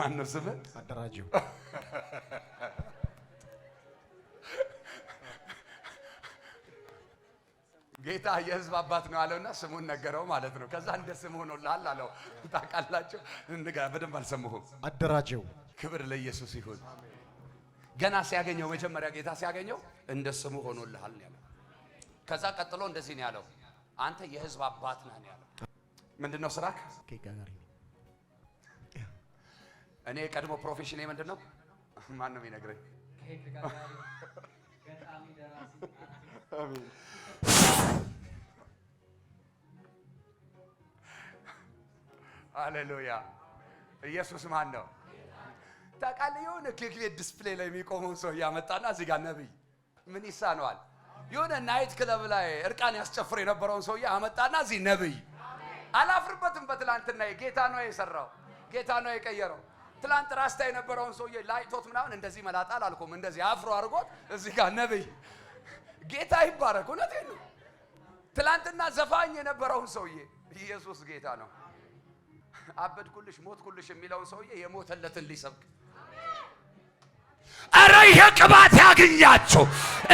ማን ነው ስምህ? አደራጀው ጌታ የህዝብ አባት ነው አለውና ስሙን ነገረው ማለት ነው። ከዛ እንደ ስም ሆኖልሃል አለው። ታውቃላችሁ፣ በደንብ አልሰማሁም። አደራጀው። ክብር ለኢየሱስ ይሁን። ገና ሲያገኘው መጀመሪያ ጌታ ሲያገኘው እንደ ስሙ ሆኖልሃል ነው ያለው። ከዛ ቀጥሎ እንደዚህ ነው ያለው፣ አንተ የህዝብ አባት ነህ ነው ያለው። ምንድነው ስራክ? እኔ የቀድሞ ፕሮፌሽን ምንድን ነው? ማን ነው የሚነግረኝ? አሌሉያ! ኢየሱስ ማን ነው? ታውቃለህ? የሆነ ኬክ ዲስፕሌይ ላይ የሚቆመውን ሰው እያመጣና እዚህ ጋር ነብይ ምን ይሳነዋል? የሆነ ናይት ክለብ ላይ እርቃን ያስጨፍር የነበረውን ሰውዬ አመጣና እዚህ ነብይ። አላፍርበትም። በትላንትና ጌታ ነው የሰራው፣ ጌታ ነው የቀየረው። ትላንት ራስታ የነበረውን ሰውዬ ላይቶት ምናምን እንደዚህ መላጣ አላልኩም። እንደዚህ አፍሮ አድርጎት እዚህ ጋር ነብይ ጌታ ይባረክ። እውነቴን ነው። ትላንትና ዘፋኝ የነበረውን ሰውዬ ኢየሱስ ጌታ ነው። አበድኩልሽ ሞትኩልሽ የሚለውን ሰውዬ የሞተለትን ሊሰብክ አረ ይሄ ቅባት ያግኛችሁ።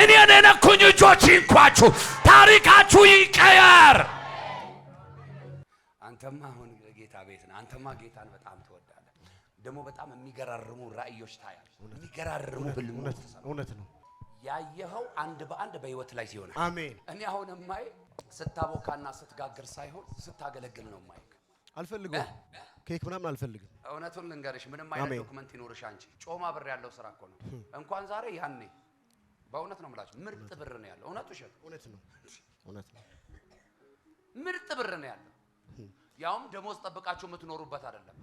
እኔን የነኩኝ እጆች ይንኳችሁ። ታሪካችሁ ይቀየር። አንተማ አሁን ጌታ ቤት ነህ። አንተማ ጌታን በጣም ደግሞ በጣም የሚገራርሙ ራእዮች ታያል። የሚገራርሙ እውነት ነው ያየኸው አንድ በአንድ በህይወት ላይ ሲሆን፣ አሜን። እኔ አሁን ማይ ስታቦካና ስትጋግር ሳይሆን ስታገለግል ነው ማይ አልፈልግም፣ ኬክ ምናምን አልፈልግም። እውነቱን ልንገርሽ፣ ምንም አይነት ዶክመንት ይኖርሽ አንቺ ጮማ ብር ያለው ስራ እኮ ነው። እንኳን ዛሬ ያኔ በእውነት ነው የምላችሁ፣ ምርጥ ብር ነው ያለው። እውነቱ እሸት፣ እውነት ነው፣ እውነት ነው። ምርጥ ብር ነው ያለው። ያውም ደሞዝ ጠብቃችሁ የምትኖሩበት አይደለም።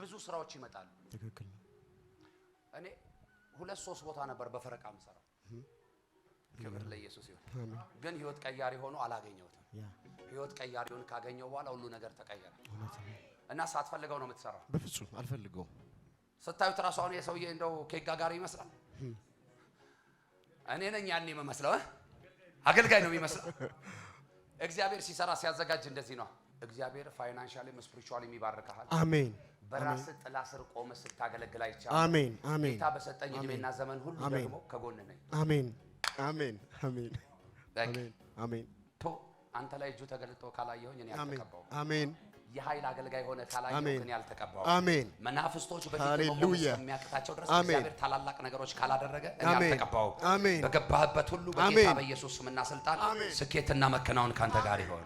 ብዙ ስራዎች ይመጣሉ። ትክክል። እኔ ሁለት ሶስት ቦታ ነበር በፈረቃ የምሰራው። ክብር ለኢየሱስ ይሁን። ግን ህይወት ቀያሪ ሆኖ አላገኘሁትም። ህይወት ቀያሪውን ካገኘው በኋላ ሁሉ ነገር ተቀየረ። እና ሳትፈልገው ነው የምትሰራው። በፍጹም አልፈልገው። ስታዩት እራሱ አሁን የሰውዬ እንደው ኬጋ ጋር ይመስላል። እኔ ነኝ ያኔ የምመስለው፣ አገልጋይ ነው የሚመስለው። እግዚአብሔር ሲሰራ ሲያዘጋጅ እንደዚህ ነው። እግዚአብሔር ፋይናንሻሊ ስፒሪቹዋሊ ይባርካል። አሜን። በራስ ጥላ ስር ቆመ ስታገለግል አይቻለሁ። አሜን አሜን። ጌታ በሰጠኝ እድሜና ዘመን ሁሉ ደግሞ ከጎን ነኝ። አሜን አሜን አሜን አሜን አሜን። ቶ አንተ ላይ እጁ ተገልጦ ካላየሁኝ እኔ አልተቀባሁም። አሜን የኃይል አገልጋይ ሆነ ካላየሁት እኔ አልተቀባሁም። አሜን መናፍስቶች በፊት ቆሞ የሚያቅታቸው ድረስ እግዚአብሔር ታላላቅ ነገሮች ካላደረገ እኔ አልተቀባሁም። አሜን በገባህበት ሁሉ በጌታ በኢየሱስ ስምና ስልጣን ስኬትና መከናወን ካንተ ጋር ይሆን።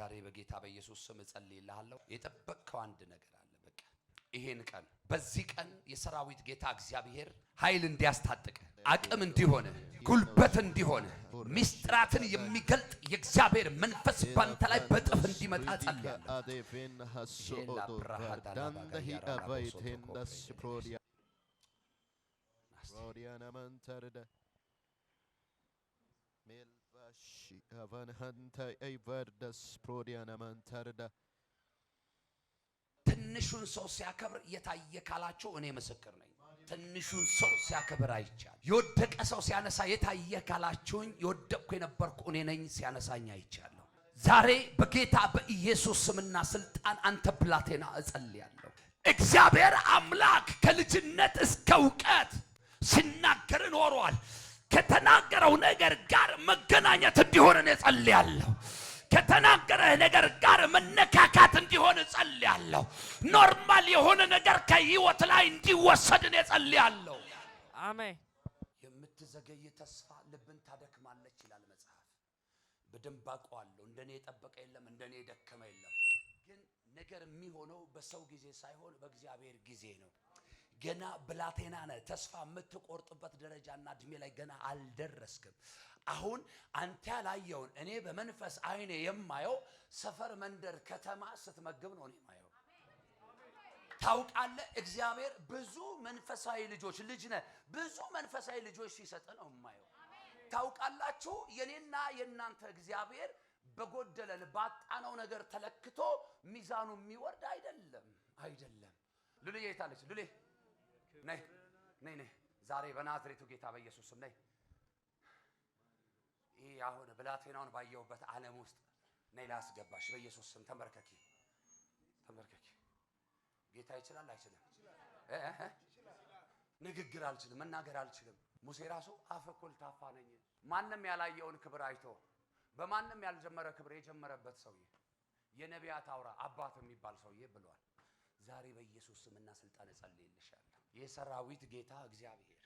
ዛሬ በጌታ በኢየሱስ ስም እጸልይልሃለሁ። የጠበቅከው አንድ ነገር አለ። በቃ ይሄን ቀን በዚህ ቀን የሰራዊት ጌታ እግዚአብሔር ኃይል እንዲያስታጥቅ አቅም እንዲሆነ ጉልበት እንዲሆነ ሚስጥራትን የሚገልጥ የእግዚአብሔር መንፈስ ባንተ ላይ በጥፍ እንዲመጣ ጸልያለሁ። Shi avanhanta eiverda sprodiana mantarda ትንሹን ሰው ሲያከብር የታየ ካላቸው እኔ ምስክር ነኝ። ትንሹን ሰው ሲያከብር አይቻል። የወደቀ ሰው ሲያነሳ የታየ ካላችሁኝ የወደቅኩ የነበርኩ እኔ ነኝ። ሲያነሳኝ አይቻለሁ። ዛሬ በጌታ በኢየሱስ ስምና ስልጣን አንተ ብላቴና እጸልያለሁ። እግዚአብሔር አምላክ ከልጅነት እስከ እውቀት ሲናገር ኖሯል። ከተናገረው ነገር ጋር መገናኘት እንዲሆን እኔ ጸልያለሁ። ከተናገረ ነገር ጋር መነካካት እንዲሆን እጸልያለሁ። ኖርማል የሆነ ነገር ከህይወት ላይ እንዲወሰድ እኔ ጸልያለሁ። አሜን። የምትዘገይ ተስፋ ልብን ታደክማለች ይላል መጽሐፍ። በደንብ አውቀዋለሁ። እንደኔ የጠበቀ የለም፣ እንደኔ የደከመ የለም። ግን ነገር የሚሆነው በሰው ጊዜ ሳይሆን በእግዚአብሔር ጊዜ ነው። ገና ብላቴና ነህ። ተስፋ የምትቆርጥበት ደረጃና እድሜ ላይ ገና አልደረስክም። አሁን አንተ ያላየውን እኔ በመንፈስ አይኔ የማየው ሰፈር፣ መንደር፣ ከተማ ስትመግብ ነው እኔ የማየው። ታውቃለህ፣ እግዚአብሔር ብዙ መንፈሳዊ ልጆች ልጅ ነህ፣ ብዙ መንፈሳዊ ልጆች ሲሰጥ ነው የማየው። ታውቃላችሁ፣ የኔና የእናንተ እግዚአብሔር በጎደለን ባጣነው ነገር ተለክቶ ሚዛኑ የሚወርድ አይደለም፣ አይደለም። ሉሌ የታለች ሉሌ? ነይ ነይ ነይ፣ ዛሬ በናዝሬቱ ጌታ በኢየሱስም ነይ። ይህ አሁን ብላቴናውን ባየሁበት ዓለም ውስጥ ነይ ላስገባሽ፣ በኢየሱስ ስም ተንበርከኪ፣ ተንበርከኪ። ጌታ ይችላል አይችልም? ንግግር አልችልም፣ መናገር አልችልም። ሙሴ ራሱ አፈኩል ኮልታፋ ነኝ። ማንም ያላየውን ክብር አይቶ በማንም ያልጀመረ ክብር የጀመረበት ሰውዬ የነቢያት አውራ አባት የሚባል ሰውዬ ብሏል። ዛሬ በኢየሱስ ስምና ስልጣን እጸልይልሻለሁ። የሰራዊት ጌታ እግዚአብሔር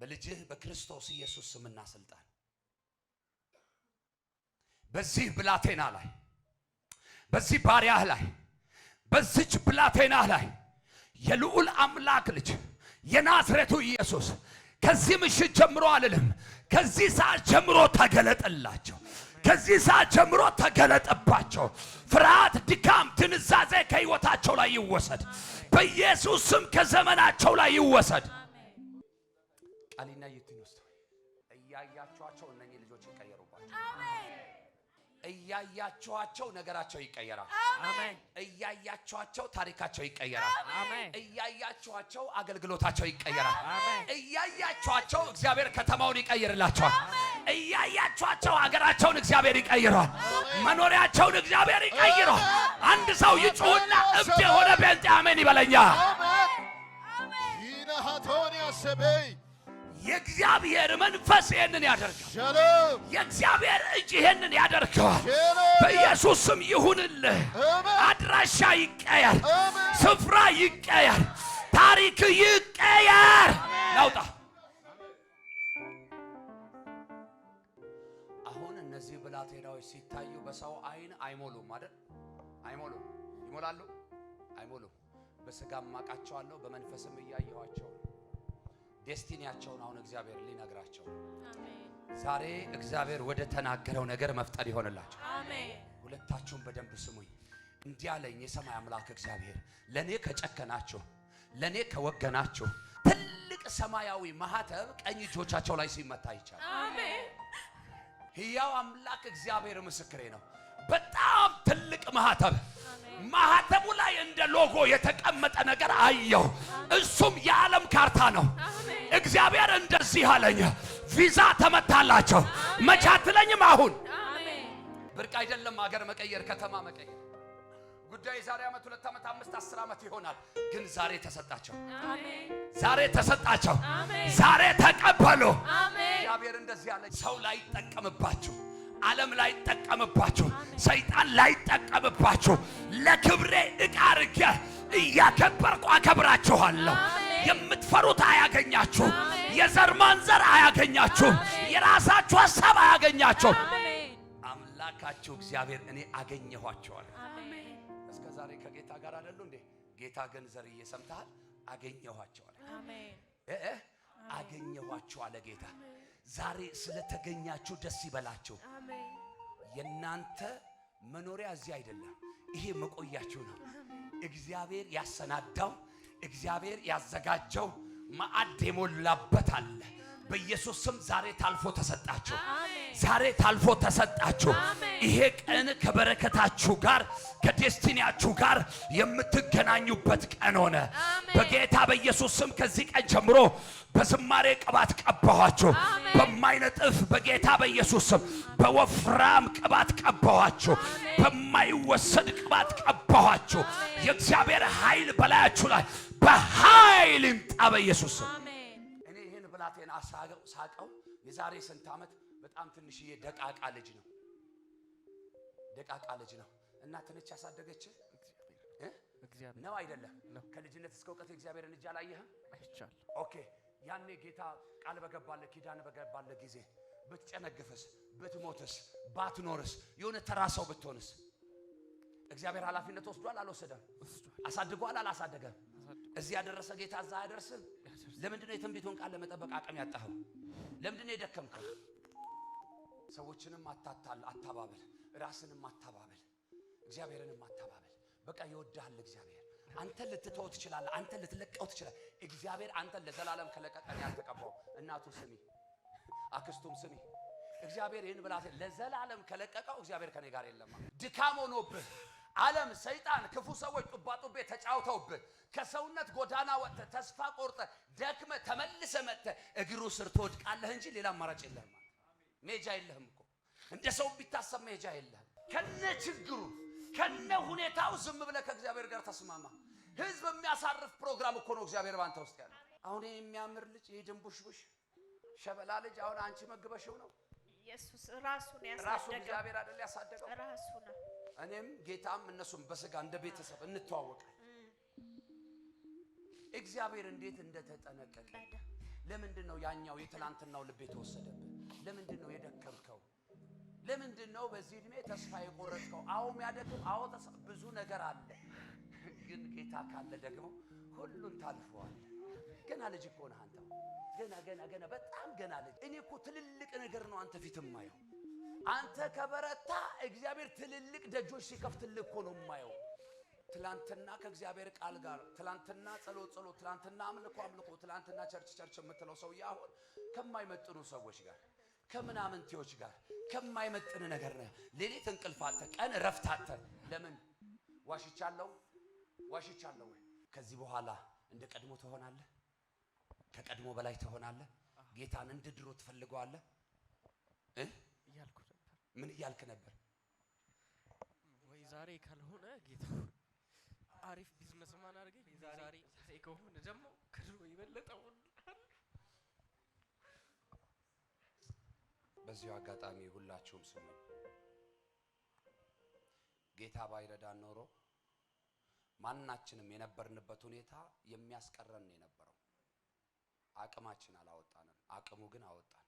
በልጅህ በክርስቶስ ኢየሱስ ስምና ስልጣን በዚህ ብላቴና ላይ በዚህ ባሪያህ ላይ በዚች ብላቴና ላይ የልዑል አምላክ ልጅ የናዝሬቱ ኢየሱስ ከዚህ ምሽት ጀምሮ አልልም፣ ከዚህ ሰዓት ጀምሮ ተገለጠላቸው። ከዚህ ሰዓት ጀምሮ ተገለጠባቸው። ፍርሃት፣ ድካም፣ ትንዛዜ ከህይወታቸው ላይ ይወሰድ። በኢየሱስ ስም ከዘመናቸው ላይ ይወሰድ። ቃሊና ይትን ውስጥ እያያችኋቸው እነኚህ ልጆች ይቀየሩባቸው። እያያችኋቸው ነገራቸው ይቀየራል። አሜን። እያያችኋቸው ታሪካቸው ይቀየራል። አሜን። እያያችኋቸው አገልግሎታቸው ይቀየራል። አሜን። እያያችኋቸው እግዚአብሔር ከተማውን ይቀይርላቸዋል። እያያቸኋቸው ሀገራቸውን እግዚአብሔር ይቀይረዋል። መኖሪያቸውን እግዚአብሔር ይቀይረዋል። አንድ ሰው ይጩህና እብድ የሆነ ቤንጤ አሜን ይበለኛ። የእግዚአብሔር መንፈስ ይህንን ያደርጋል። የእግዚአብሔር እጅ ይህንን ያደርገዋል። በኢየሱስ ስም ይሁንልህ። አድራሻ ይቀያል ስፍራ ይቀያል ታሪክ ይቀየር። ሲታዩ በሰው አይን አይሞሉም አይደል? አይሞሉም። ይሞላሉ? አይሞሉም። በስጋም አውቃቸዋለሁ፣ በመንፈስም እያየኋቸው ዴስቲኒያቸውን አሁን እግዚአብሔር ሊነግራቸው ዛሬ እግዚአብሔር ወደ ተናገረው ነገር መፍጠር ይሆንላቸው። ሁለታችሁም በደንብ ስሙኝ። እንዲህ አለኝ የሰማይ አምላክ እግዚአብሔር ለእኔ ከጨከናችሁ፣ ለእኔ ከወገናችሁ ትልቅ ሰማያዊ ማህተብ ቀኝ እጆቻቸው ላይ ሲመታ ይቻላል። ሕያው አምላክ እግዚአብሔር ምስክሬ ነው። በጣም ትልቅ ማህተብ ማህተቡ ላይ እንደ ሎጎ የተቀመጠ ነገር አየሁ። እሱም የዓለም ካርታ ነው። እግዚአብሔር እንደዚህ አለኝ፣ ቪዛ ተመታላቸው። መቻትለኝም አሁን ብርቅ አይደለም አገር መቀየር ከተማ መቀየር ጉዳይ የዛሬ ዓመት ሁለት ዓመት አምስት አስር ዓመት ይሆናል፣ ግን ዛሬ ተሰጣቸው፣ ዛሬ ተሰጣቸው፣ ዛሬ ተቀበሉ። እግዚአብሔር እንደዚህ ያለ ሰው ላይጠቀምባችሁ፣ ዓለም ላይጠቀምባችሁ፣ ሰይጣን ላይጠቀምባችሁ፣ ለክብሬ ዕቃ አድርጌ እያከበርኩ አከብራችኋለሁ። የምትፈሩት አያገኛችሁ፣ የዘር ማንዘር አያገኛችሁ፣ የራሳችሁ ሀሳብ አያገኛችሁ። አምላካችሁ እግዚአብሔር እኔ አገኘኋቸዋለሁ። ዛሬ ከጌታ ጋር አይደሉ እንዴ? ጌታ ግን ዘርዬ ሰምተሃል፣ አገኘኋቸው አለ። አሜን አገኘኋቸው አለ ጌታ። ዛሬ ስለተገኛችሁ ደስ ይበላችሁ። የናንተ መኖሪያ እዚህ አይደለም፣ ይሄ መቆያችሁ ነው። እግዚአብሔር ያሰናዳው፣ እግዚአብሔር ያዘጋጀው ማዕድ የሞላበት አለ። በኢየሱስ ስም ዛሬ ታልፎ ተሰጣችሁ። ዛሬ ታልፎ ተሰጣችሁ። ይሄ ቀን ከበረከታችሁ ጋር ከዴስቲኒያችሁ ጋር የምትገናኙበት ቀን ሆነ። በጌታ በኢየሱስ ስም ከዚህ ቀን ጀምሮ በዝማሬ ቅባት ቀባኋችሁ። በማይነጥፍ በጌታ በኢየሱስ ስም በወፍራም ቅባት ቀባኋችሁ። በማይወሰድ ቅባት ቀባኋችሁ። የእግዚአብሔር ኃይል በላያችሁ ላይ በኃይል ይምጣ በኢየሱስ ስም አባቴን አሳገው ሳቀው። የዛሬ ስንት ዓመት በጣም ትንሽዬ ደቃቃ ልጅ ነው፣ ደቃቃ ልጅ ነው። እናትህ ነች ያሳደገች ነው አይደለም? ከልጅነት እስከ እውቀት የእግዚአብሔርን እጅ አላየህም? አይቻል። ኦኬ። ያኔ ጌታ ቃል በገባለ ኪዳን በገባለ ጊዜ ብትጨነግፍስ፣ ብትሞትስ፣ ባትኖርስ፣ የሆነ ተራ ሰው ብትሆንስ እግዚአብሔር ኃላፊነት ወስዷል አልወሰደም? አሳድጓል አላሳደገም? እዚህ ያደረሰ ጌታ እዛ አያደርስም? ለምንድነው የትንቢቱን ቃል ለመጠበቅ አቅም ያጣኸው? ለምንድነው የደከምከው? ሰዎችንም አታታል፣ አታባብል፣ ራስንም አታባብል፣ እግዚአብሔርንም አታባብል። በቃ ይወድሃል እግዚአብሔር። አንተ ልትተው ትችላለህ፣ አንተ ልትለቀው ትችላለህ። እግዚአብሔር አንተ ለዘላለም ከለቀቀን ያልተቀባው እናቱ ስሚ፣ አክስቱም ስሚ፣ እግዚአብሔር ይህን ብላ ለዘላለም ከለቀቀው እግዚአብሔር ከኔ ጋር የለማ ድካም ሆኖብህ ዓለም፣ ሰይጣን፣ ክፉ ሰዎች ጡባጡቤ ተጫውተውብህ ከሰውነት ጎዳና ወጥተ ተስፋ ቆርጠ ደክመ ተመልሰ መጥተ እግሩ ስር ትወድቃለህ እንጂ ሌላ አማራጭ የለህም። ሜጃ የለህም እኮ እንደ ሰው ቢታሰብ ሜጃ የለህም። ከነ ችግሩ ከነ ሁኔታው ዝም ብለህ ከእግዚአብሔር ጋር ተስማማ። ህዝብ የሚያሳርፍ ፕሮግራም እኮ ነው እግዚአብሔር ባንተ ውስጥ ያለ። አሁን የሚያምር ልጅ ይህ ድንቡሽቡሽ ሸበላ ልጅ አሁን አንቺ መግበሽው ነው። ኢየሱስ ራሱ ያሳደገው። እግዚአብሔር አይደል ያሳደገው ራሱ ነው እኔም ጌታም እነሱም በስጋ እንደ ቤተሰብ እንተዋወቃል። እግዚአብሔር እንዴት እንደተጠነቀቀ ለምንድን ነው ያኛው የትላንትናው ልብ የተወሰደብህ? ለምንድን ነው የደከምከው? ለምንድን ነው በዚህ እድሜ ተስፋ የቆረጥከው? አዎ የሚያደግም አዎ ብዙ ነገር አለ። ግን ጌታ ካለ ደግሞ ሁሉን ታልፈዋል። ገና ልጅ እኮ ነህ አንተ። ገና ገና ገና በጣም ገና ልጅ። እኔ እኮ ትልልቅ ነገር ነው አንተ ፊት የማየው አንተ ከበረታ እግዚአብሔር ትልልቅ ደጆች ሲከፍትልህ እኮ ነው የማየው። ትላንትና ከእግዚአብሔር ቃል ጋር ትላንትና ጸሎት ጸሎት ትላንትና አምልኮ አምልኮ ትላንትና ቸርች ቸርች የምትለው ሰውዬ አሁን ከማይመጥኑ ሰዎች ጋር ከምናምንቴዎች ጋር ከማይመጥን ነገር ነ ሌሊት እንቅልፍ አተ ቀን እረፍት አተ። ለምን ዋሽቻለሁ? ዋሽቻለሁ። ከዚህ በኋላ እንደ ቀድሞ ትሆናለህ። ከቀድሞ በላይ ትሆናለህ። ጌታን እንደ ድሮ ትፈልገዋለህ። ምን እያልክ ነበር? ወይ ዛሬ ካልሆነ ጌታ አሪፍ ቢዝነስ ማን አድርገኝ። ዛሬ ከሆነ ደግሞ ከድሮ የበለጠ በዚሁ አጋጣሚ ሁላችሁም ስሙ፣ ጌታ ባይረዳን ኖሮ ማናችንም የነበርንበት ሁኔታ የሚያስቀረን የነበረው አቅማችን አላወጣንም። አቅሙ ግን አወጣን።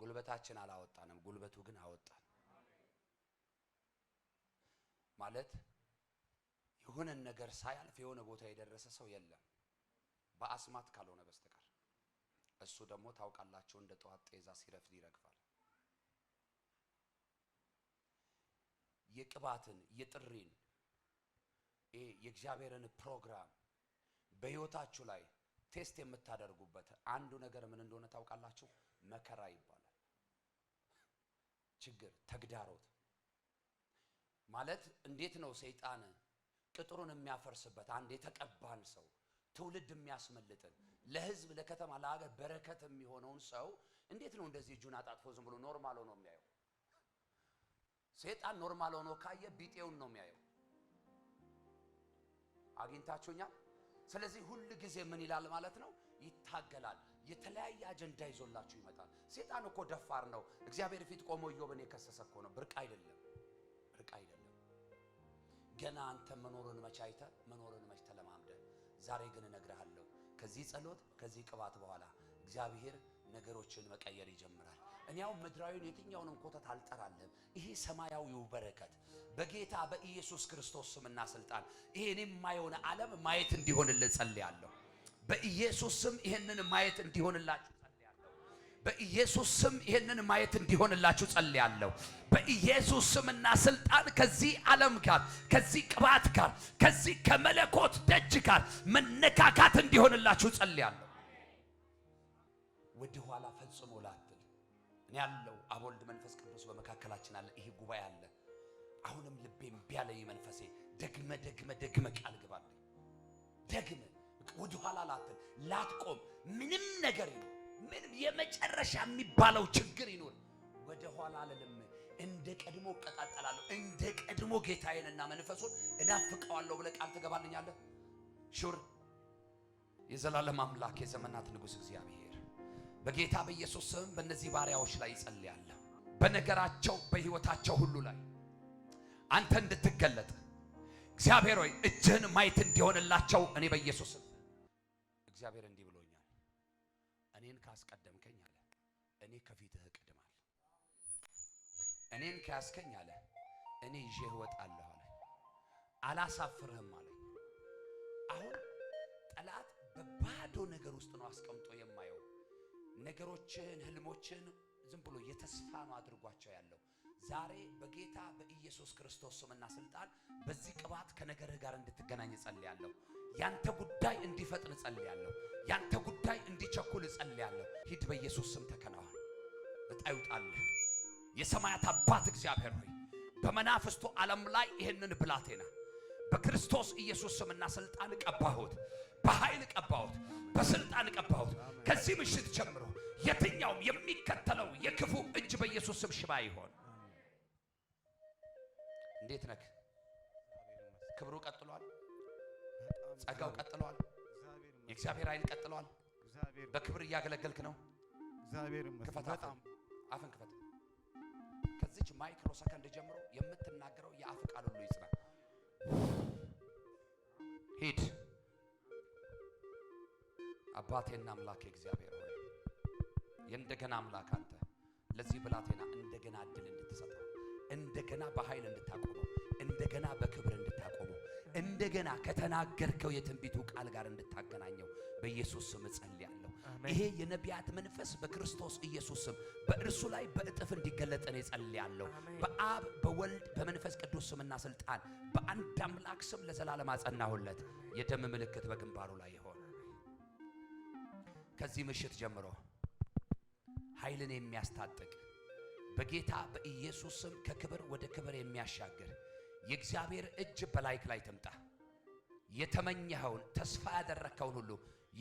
ጉልበታችን አላወጣንም፣ ጉልበቱ ግን አወጣን። ማለት የሆነን ነገር ሳያልፍ የሆነ ቦታ የደረሰ ሰው የለም በአስማት ካልሆነ በስተቀር። እሱ ደግሞ ታውቃላቸው፣ እንደ ጠዋት ጤዛ ሲረፍድ ይረግፋል። የቅባትን የጥሪን የእግዚአብሔርን ፕሮግራም በህይወታችሁ ላይ ቴስት የምታደርጉበት አንዱ ነገር ምን እንደሆነ ታውቃላችሁ? መከራ ይባላል። ችግር ተግዳሮት ማለት እንዴት ነው ሰይጣን ቅጥሩን የሚያፈርስበት አንድ የተቀባን ሰው ትውልድ የሚያስመልጥን ለህዝብ ለከተማ ለሀገር በረከት የሚሆነውን ሰው እንዴት ነው እንደዚህ እጁን አጣጥፎ ዝም ብሎ ኖርማል ሆኖ የሚያየው? ሰይጣን ኖርማል ሆኖ ካየ ቢጤውን ነው የሚያየው። አግኝታችሁኛል። ስለዚህ ሁል ጊዜ ምን ይላል ማለት ነው? ይታገላል። የተለያየ አጀንዳ ይዞላችሁ ይመጣል። ሴጣን እኮ ደፋር ነው። እግዚአብሔር ፊት ቆሞ ኢዮብን የከሰሰ እኮ ነው። ብርቅ አይደለም፣ ብርቅ አይደለም። ገና አንተ መኖርን መች አይተ መኖርን መች ተለማምደ። ዛሬ ግን እነግርሃለሁ ከዚህ ጸሎት ከዚህ ቅባት በኋላ እግዚአብሔር ነገሮችን መቀየር ይጀምራል። እኔ ምድራዊን የትኛውንም ኮተት አልጠራልህም። ይሄ ሰማያዊው በረከት በጌታ በኢየሱስ ክርስቶስ ስምና ስልጣን ይሄ እኔ የማይሆነ ዓለም ማየት እንዲሆንልን ጸልያለሁ። በኢየሱስ ስም ይህንን ማየት እንዲሆንላችሁ በኢየሱስ ስም ይህንን ማየት እንዲሆንላችሁ ጸልያለሁ። በኢየሱስ ስምና ስልጣን ከዚህ ዓለም ጋር ከዚህ ቅባት ጋር ከዚህ ከመለኮት ደጅ ጋር መነካካት እንዲሆንላችሁ ጸልያለሁ። ወደ ኋላ ፈጽሞ ላትል እኔ ያለው አብ ወልድ መንፈስ ቅዱስ በመካከላችን አለ። ይሄ ጉባኤ አለ። አሁንም ልቤም ቢያለኝ መንፈሴ ደግመ ደግመ ደግመ ቃል ግባለኝ ደግመ ወደኋላ ኋላ ላትል፣ ላትቆም። ምንም ነገር ይኖር፣ ምንም የመጨረሻ የሚባለው ችግር ይኖር፣ ወደ ኋላ አልልም። እንደ ቀድሞ እቀጣጠላለሁ፣ እንደ ቀድሞ ጌታዬንና መንፈሱን እናፍቀዋለሁ ብለህ ቃል ትገባልኛለህ? ሹር የዘላለም አምላክ የዘመናት ንጉሥ እግዚአብሔር በጌታ በኢየሱስ ስም በእነዚህ ባሪያዎች ላይ ይጸልያለሁ። በነገራቸው በሕይወታቸው ሁሉ ላይ አንተ እንድትገለጥ እግዚአብሔር ሆይ እጅህን ማየት እንዲሆንላቸው እኔ በኢየሱስ ስም እግዚአብሔር እንዲህ ብሎኛል፣ እኔን ካስቀደምከኝ አለ እኔ ከፊትህ እቀድማል። እኔን ከያዝከኝ አለ እኔ ይዤህ እወጣለሁ አለ አላሳፍርህም አለ። አሁን ጠላት በባዶ ነገር ውስጥ ነው አስቀምጦ የማየው። ነገሮችን ህልሞችን ዝም ብሎ የተስፋ ነው አድርጓቸው ያለው። ዛሬ በጌታ በኢየሱስ ክርስቶስ ስምና ስልጣን በዚህ ቅባት ከነገርህ ጋር እንድትገናኝ ጸልያለሁ። ያንተ ጉዳይ እንዲፈጥን እጸልያለሁ። ያንተ ጉዳይ እንዲቸኩል እጸልያለሁ። ሂድ፣ በኢየሱስ ስም ተከናወን። እጣ ይውጣልህ። የሰማያት አባት እግዚአብሔር ሆይ በመናፍስቱ ዓለም ላይ ይህንን ብላቴና በክርስቶስ ኢየሱስ ስምና ስልጣን ቀባሁት፣ በኃይል ቀባሁት፣ በስልጣን ቀባሁት። ከዚህ ምሽት ጀምሮ የትኛውም የሚከተለው የክፉ እጅ በኢየሱስ ስም ሽባ ይሆን። እንዴት ነክ ክብሩ ቀጥሏል። ጸጋው ቀጥሏል። የእግዚአብሔር ኃይል ቀጥሏል። በክብር እያገለገልክ ነው። አፍን ክፈት። ከዚች ማይክሮ ሰከንድ ጀምሮ የምትናገረው የአፍ ቃል ሁሉ ይጽና። ሂድ። አባቴና አምላኬ እግዚአብሔር ሆይ የእንደገና አምላክ አንተ ለዚህ ብላቴና እንደገና እድል እንድትሰጠው እንደገና በኃይል እንድታቆመው እንደገና በክብር እንድታ እንደገና ከተናገርከው የትንቢቱ ቃል ጋር እንድታገናኘው በኢየሱስ ስም እጸልያለሁ። ይሄ የነቢያት መንፈስ በክርስቶስ ኢየሱስ ስም በእርሱ ላይ በእጥፍ እንዲገለጥ ነው እጸልያለሁ። በአብ በወልድ በመንፈስ ቅዱስ ስምና ስልጣን በአንድ አምላክ ስም ለዘላለም አጸናሁለት። የደም ምልክት በግንባሩ ላይ ይሆን። ከዚህ ምሽት ጀምሮ ኃይልን የሚያስታጥቅ በጌታ በኢየሱስ ስም ከክብር ወደ ክብር የሚያሻግር የእግዚአብሔር እጅ በላይክ ላይ ትምጣ። የተመኘኸውን ተስፋ ያደረግከውን ሁሉ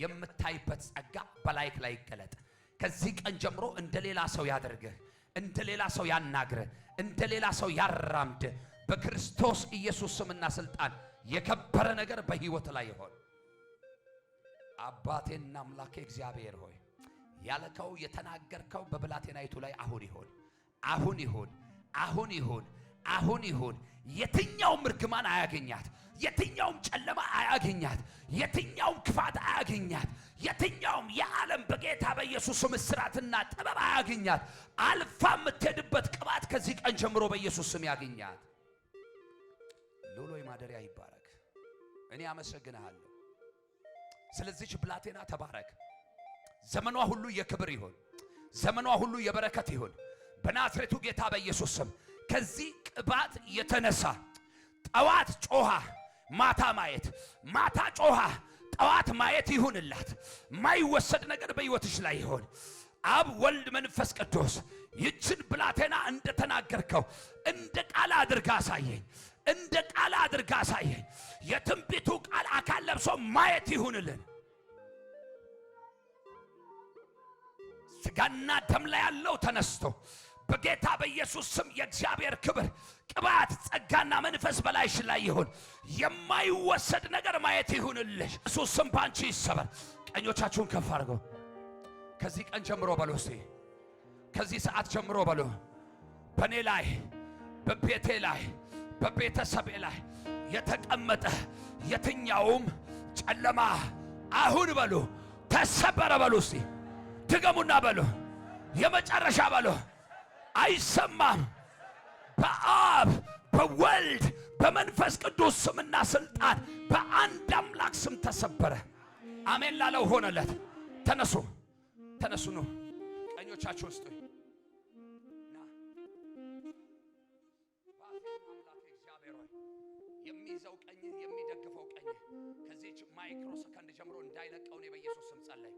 የምታይበት ጸጋ በላይክ ላይ ይገለጥ። ከዚህ ቀን ጀምሮ እንደ ሌላ ሰው ያደርግህ፣ እንደ ሌላ ሰው ያናግርህ፣ እንደ ሌላ ሰው ያራምድህ። በክርስቶስ ኢየሱስ ስምና ስልጣን የከበረ ነገር በሕይወት ላይ ይሆን። አባቴና አምላኬ እግዚአብሔር ሆይ ያለከው የተናገርከው በብላቴናይቱ ላይ አሁን ይሆን፣ አሁን ይሆን፣ አሁን ይሆን። አሁን ይሁን። የትኛውም እርግማን አያገኛት፣ የትኛውም ጨለማ አያገኛት፣ የትኛውም ክፋት አያገኛት፣ የትኛውም የዓለም በጌታ በኢየሱስ ስም እስራትና ጥበብ አያገኛት። አልፋ የምትሄድበት ቅባት ከዚህ ቀን ጀምሮ በኢየሱስ ስም ያገኛት። ሎሎይ ማደሪያ ይባረክ። እኔ አመሰግንሃለሁ። ስለዚች ብላቴና ተባረክ። ዘመኗ ሁሉ የክብር ይሁን። ዘመኗ ሁሉ የበረከት ይሁን። በናዝሬቱ ጌታ በኢየሱስ ስም ከዚህ ቅባት የተነሳ ጠዋት ጮሃ ማታ ማየት፣ ማታ ጮሃ ጠዋት ማየት ይሁንላት። ማይወሰድ ነገር በሕይወትሽ ላይ ይሆን። አብ ወልድ መንፈስ ቅዱስ ይችን ብላቴና እንደተናገርከው እንደ ቃል አድርጋ አሳየኝ፣ እንደ ቃል አድርጋ አሳየኝ። የትንቢቱ ቃል አካል ለብሶ ማየት ይሁንልን። ስጋና ደም ላይ ያለው ተነስቶ በጌታ በኢየሱስ ስም የእግዚአብሔር ክብር ቅባት፣ ጸጋና መንፈስ በላይሽ ላይ ይሁን። የማይወሰድ ነገር ማየት ይሁንልሽ። ኢየሱስ ስም ባንቺ ይሰበር። ቀኞቻችሁን ከፍ አድርገው ከዚህ ቀን ጀምሮ በሉ እስቲ ከዚህ ሰዓት ጀምሮ በሉ በእኔ ላይ በቤቴ ላይ በቤተሰቤ ላይ የተቀመጠ የትኛውም ጨለማ አሁን በሉ ተሰበረ በሉ እስቲ ድገሙና በሉ የመጨረሻ በሉ አይሰማም። በአብ በወልድ በመንፈስ ቅዱስ ስምና ስልጣን በአንድ አምላክ ስም ተሰበረ። አሜን ላለው ሆነለት። ተነሱ፣ ተነሱ ነው ቀኞቻችሁ ውስጥ የሚይዘው ቀኝ የሚደግፈው ቀኝ ከዚች ማይክሮ ሰከንድ ጀምሮ እንዳይለቀው እኔ በኢየሱስ ስም ጸለይ።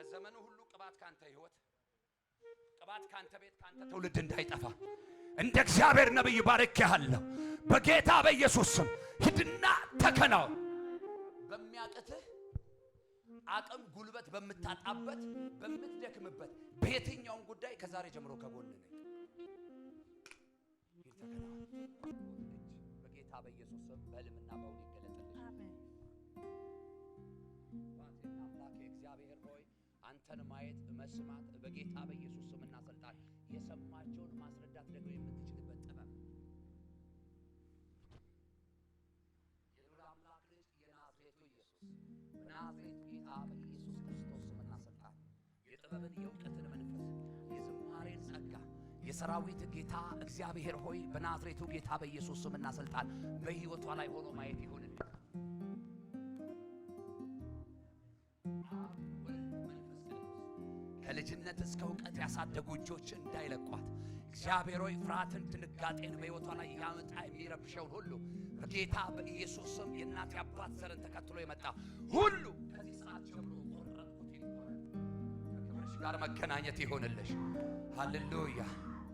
በዘመኑ ሁሉ ቅባት ካንተ ህይወት፣ ቅባት ካንተ ቤት፣ ካንተ ትውልድ እንዳይጠፋ እንደ እግዚአብሔር ነብይ ባርኬሃለሁ። በጌታ በኢየሱስ ስም ሂድና ተከናው በሚያቅትህ አቅም ጉልበት በምታጣበት በምትደክምበት በየትኛውም ጉዳይ ከዛሬ ጀምሮ ከጎን ነኝ። በጌታ በኢየሱስ ስም በልምና በእውነት በአንተን ማየት መስማት በጌታ በኢየሱስ ስምና ስልጣን የሰማቸውን ማስረዳት ደግሞ የምትችልበት ጥበብ የልዑል አምላክ ልጅ የናዝሬቱ ኢየሱስ ጌታ በኢየሱስ ክርስቶስ ስልጣን የጥበብን የእውቀትን መንፈስ የዝማሬን ጸጋ የሰራዊት ጌታ እግዚአብሔር ሆይ በናዝሬቱ ጌታ በኢየሱስ ስምና ስልጣን በሕይወቷ ላይ ሆኖ ማየት ይሁን። ያሳደጉ እጆች እንዳይለቋት እግዚአብሔር ሆይ ፍርሃትን፣ ድንጋጤን በሕይወቷ ላይ ያመጣ የሚረብሸውን ሁሉ በጌታ በኢየሱስ ስም የእናት አባት ዘርን ተከትሎ የመጣ ሁሉ ከዚህ ሰዓት ጀምሮ ቆረጥኩት። ከክብርሽ ጋር መገናኘት ይሆንልሽ። ሃሌሉያ